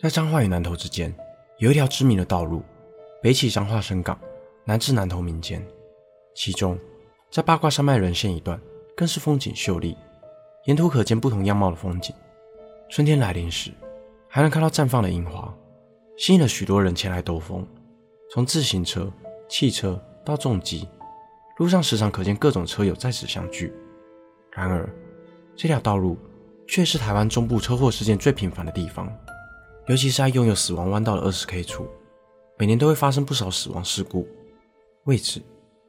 在彰化與南投之間，有一條知名的道路，北起彰化伸港，南至南投名間。其中，在八卦山脈稜線一段，更是風景秀麗，沿途可見不同樣貌的風景。春天來臨時，還能看到綻放的櫻花，吸引了許多人前來兜風。從自行車、汽車到重機，路上時常可見各種車友在此相聚。然而，這條道路卻是台灣中部車禍事件最頻繁的地方。尤其是在擁有死亡彎道的二十 K 處，每年都會發生不少死亡事故。為此，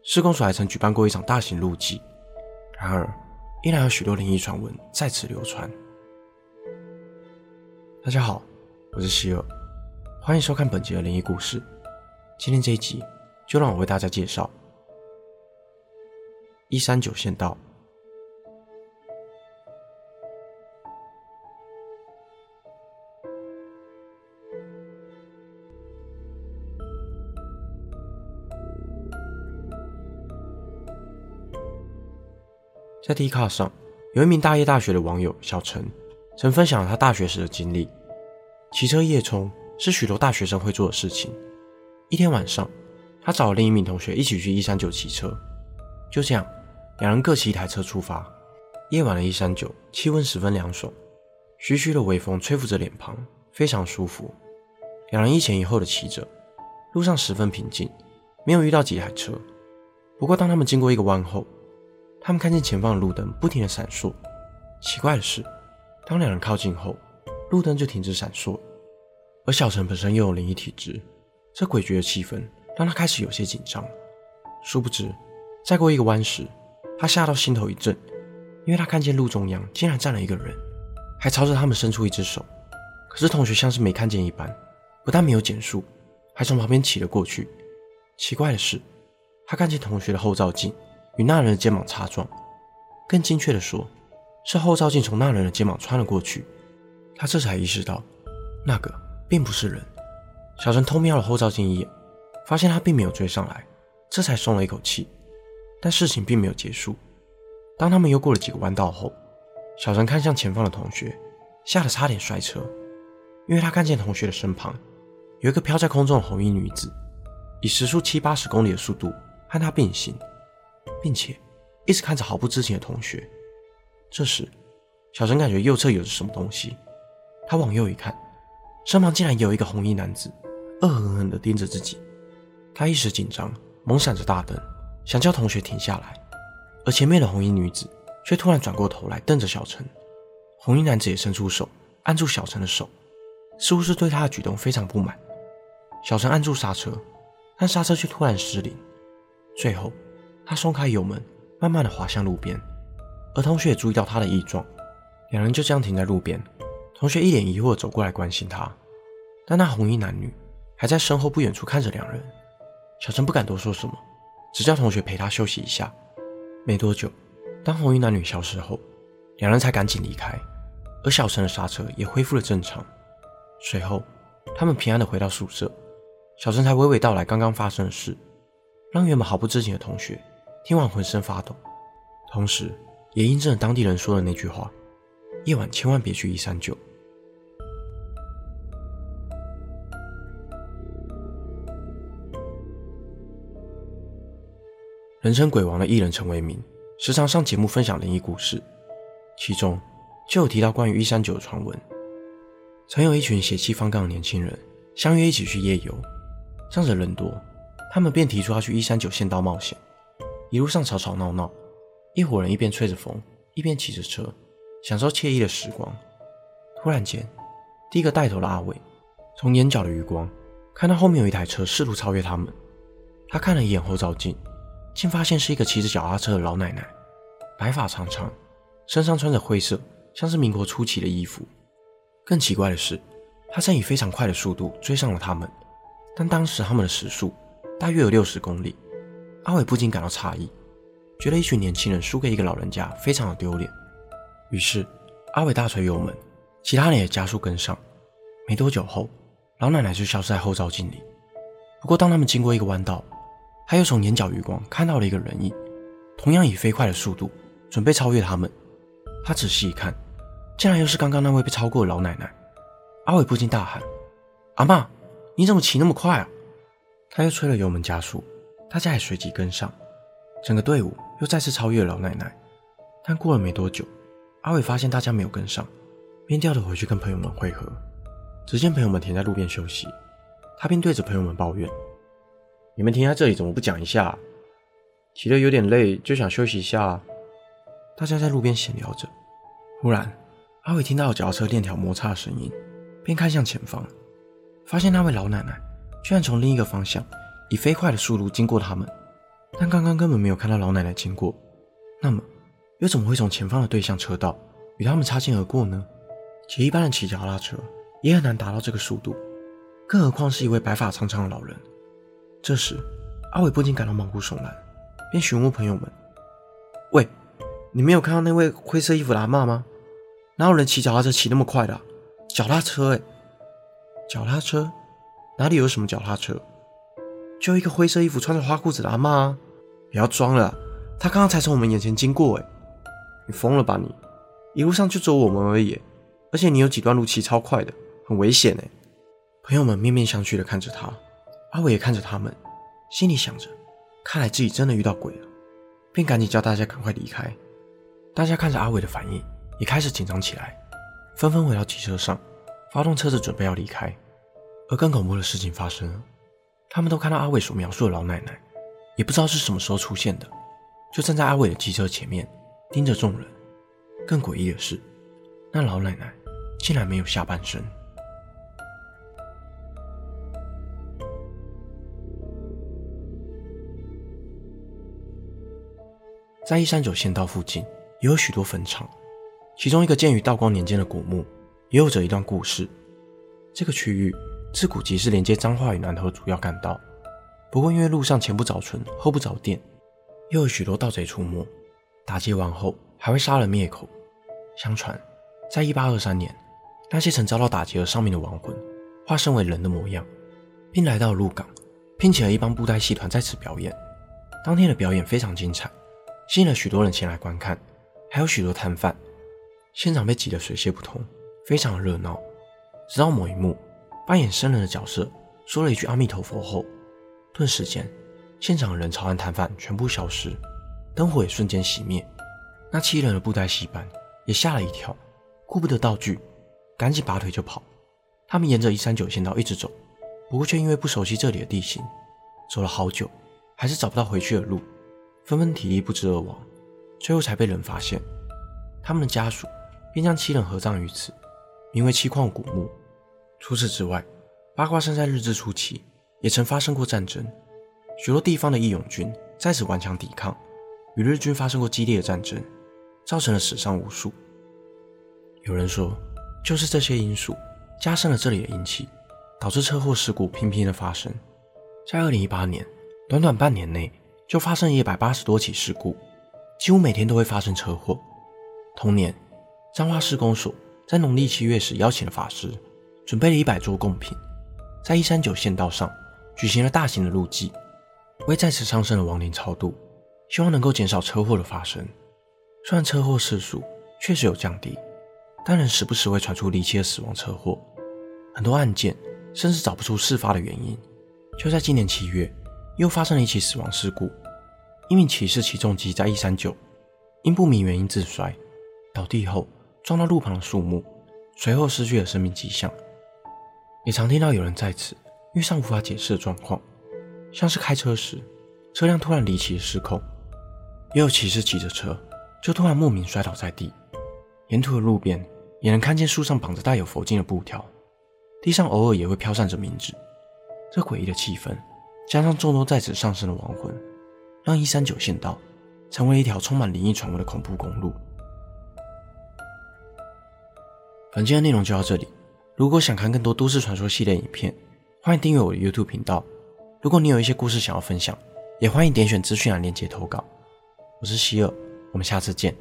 市公所還曾舉辦過一場大型路祭，然而，依然有許多靈異傳聞在此流傳。大家好，我是希爾，歡迎收看本集的靈異故事。今天這一集，就讓我為大家介紹一三九縣道。在 Dcard 上，有一名大葉大學的網友小陳，曾分享了他大學時的經歷。騎車夜衝是許多大學生會做的事情。一天晚上，他找了另一名同學一起去一三九騎車。就這樣，兩人各騎一台車出發。夜晚的一三九，氣溫十分涼爽，徐徐的微風吹拂着臉龐，非常舒服。兩人一前一後的騎着，路上十分平靜，沒有遇到幾台車。不過，當他們經過一個彎後，他們看見前方的路燈不停地閃爍。奇怪的是，當兩人靠近後，路燈就停止閃爍了。而小陳本身又有靈異體質，這詭譎的氣氛讓他開始有些緊張。殊不知，再過一個彎時，他嚇到心頭一震，因為他看見路中央竟然站了一個人，還朝着他們伸出一隻手。可是同學像是沒看見一般，不但沒有減速，還從旁邊騎了過去。奇怪的是，他看見同學的後照鏡。與那人的肩膀擦撞，更精確地說，是後照鏡從那人的肩膀穿了過去。他這才意識到，那個並不是人。小陳偷瞄了後照鏡一眼，發現他並沒有追上來，這才鬆了一口氣。但事情並沒有結束。當他們又過了幾個彎道後，小陳看向前方的同學，嚇得差點摔車，因為他看見同學的身旁有一個飄在空中的紅衣女子，以時速七八十公里的速度和他並行。並且一直看着毫不知情的同學。這時，小陳感覺右側有着什麼東西，他往右一看，身旁竟然有一個紅衣男子，惡狠狠地盯着自己。他一時緊張，猛閃着大燈，想叫同學停下來。而前面的紅衣女子卻突然轉過頭來瞪着小陳。紅衣男子也伸出手按住小陳的手，似乎是對他的舉動非常不滿。小陳按住剎車，但剎車卻突然失靈。最後。他鬆開油門，慢慢的滑向路邊，而同學也注意到他的異狀，兩人就這樣停在路邊。同學一臉疑惑走過來關心他，但那紅衣男女還在身後不遠處看着兩人。小陳不敢多說什麼，只叫同學陪他休息一下。沒多久，當紅衣男女消失後，兩人才趕緊離開，而小陳的剎車也恢復了正常。隨後，他們平安的回到宿舍，小陳才娓娓道來剛剛發生的事，讓原本毫不知情的同學。聽完渾身發抖，同時也印證了當地人說的那句話：“夜晚千萬別去一三九。”人稱“鬼王”的藝人陳為民，時常上節目分享靈異故事，其中就有提到關於一三九的傳聞。曾有一群血氣方剛的年輕人相約一起去夜遊，仗着人多，他們便提出要去一三九縣道冒險。一路上吵吵鬧鬧，一夥人一邊吹着風，一邊騎着車，享受愜意的時光。突然間，第一個帶頭的阿偉從眼角的餘光看到後面有一台車試圖超越他們。他看了一眼後照鏡，竟發現是一個騎着腳踏車的老奶奶，白髮長長，身上穿着灰色，像是民國初期的衣服。更奇怪的是，他正以非常快的速度追上了他們，但當時他們的時速大約有六十公里。阿偉不禁感到詫異，覺得一群年輕人輸給一個老人家非常的丟臉。於是，阿偉大催油門，其他人也加速跟上。沒多久後，老奶奶就消失在後照鏡裡。不過，當他們經過一個彎道，他又從眼角餘光看到了一個人影，同樣以飛快的速度準備超越他們。他仔細一看，竟然又是剛剛那位被超過的老奶奶。阿偉不禁大喊：“阿嬤，你怎麼騎那麼快啊？”他又催了油門加速。大家也隨即跟上，整個隊伍又再次超越了老奶奶。但過了沒多久，阿偉發現大家沒有跟上，便掉頭回去跟朋友們會合。只見朋友們停在路邊休息，他便對着朋友們抱怨：“你們停在這裡怎麼不講一下啊？騎得有點累，就想休息一下啊。”大家在路邊閒聊着，忽然阿偉聽到腳踏車鏈條摩擦的聲音，便看向前方，發現那位老奶奶居然從另一個方向。以飛快的速度經過他們，但剛剛根本沒有看到老奶奶經過。那麼，又怎麼會從前方的對向車道與他們擦肩而過呢？且一般人騎腳踏車也很難達到這個速度，更何況是一位白髮蒼蒼的老人。這時，阿偉不禁感到毛骨悚然，便詢問，問朋友們：“喂，你沒有看到那位灰色衣服的阿嬤嗎？哪有人騎腳踏車騎那麼快的，啊？腳踏車，欸，哎，腳踏車，哪裡有什麼腳踏車？”就一個灰色衣服、穿着花褲子的阿媽、啊，不要裝了、啊，他剛剛才從我們眼前經過、欸。誒，你瘋了吧？你一路上就只有我們而已、欸，而且你有幾段路騎超快的，很危險誒、欸。朋友們面面相覷的看着他，阿偉也看着他們，心裡想着，看來自己真的遇到鬼了，便趕緊叫大家趕快離開。大家看着阿偉的反應，也開始緊張起來，紛紛回到汽車上，發動車子準備要離開。而更恐怖的事情發生了。他們都看到阿偉所描述的老奶奶，也不知道是什麼時候出現的，就站在阿偉的機車前面，盯着眾人。更詭異的是，那老奶奶竟然沒有下半身。在一三九縣道附近，也有許多墳場，其中一個建於道光年間的古墓，也有着一段故事。這個區域。自古即是連接彰化與南投的主要幹道，不過因為路上前不着村後不着店，又有許多盜賊出沒，打劫完後還會殺人滅口。相傳，在一八二三年，那些曾遭到打劫而喪命的亡魂，化身為人的模樣，並來到鹿港，聘請了一幫布袋戲團在此表演。當天的表演非常精彩，吸引了許多人前來觀看，還有許多攤販，現場被擠得水泄不通，非常的熱鬧。直到某一幕。扮演僧人的角色說了一句“阿彌陀佛”後，頓時間，現場的人潮、攤販全部消失，燈火也瞬間熄滅。那七人的布袋戲班也嚇了一跳，顧不得道具，趕緊拔腿就跑。他們沿着一三九縣道一直走，不過卻因為不熟悉這裡的地形，走了好久，還是找不到回去的路，紛紛體力不支而亡。最後才被人發現，他們的家屬便將七人合葬於此，名為七礦古墓。除此之外，八卦山在日治初期也曾發生過戰爭，許多地方的義勇軍在此頑強抵抗，與日軍發生過激烈的戰爭，造成了死傷無數。有人說，就是這些因素加深了這裡的陰氣，導致車禍事故頻頻的發生。在2018年，短短半年內就發生了180多起事故，幾乎每天都會發生車禍。同年，彰化市公所在農曆七月時邀請了法師。準備了一百桌貢品，在一三九縣道上舉行了大型的路祭，為在此喪生的亡靈超度，希望能夠減少車禍的發生。雖然車禍次數確實有降低，但仍時不時會傳出離奇的死亡車禍，很多案件甚至找不出事發的原因。就在今年七月，又發生了一起死亡事故，一名騎士騎重機在一三九，因不明原因自摔，倒地後撞到路旁的樹木，隨後失去了生命跡象。也常聽到有人在此遇上無法解釋的狀況，像是開車時車輛突然離奇失控，也有騎士騎着車就突然莫名摔倒在地。沿途的路邊也能看見樹上綁着帶有佛經的布條，地上偶爾也會飄散着冥紙。這詭異的氣氛，加上眾多在此喪生的亡魂，讓一三九縣道成為一條充滿靈異傳聞的恐怖公路。本期的內容就到這裡。如果想看更多都市傳說系列影片，歡迎訂閱我的 YouTube 頻道。如果你有一些故事想要分享，也歡迎點選資訊欄鏈接投稿。我是希爾，我們下次見。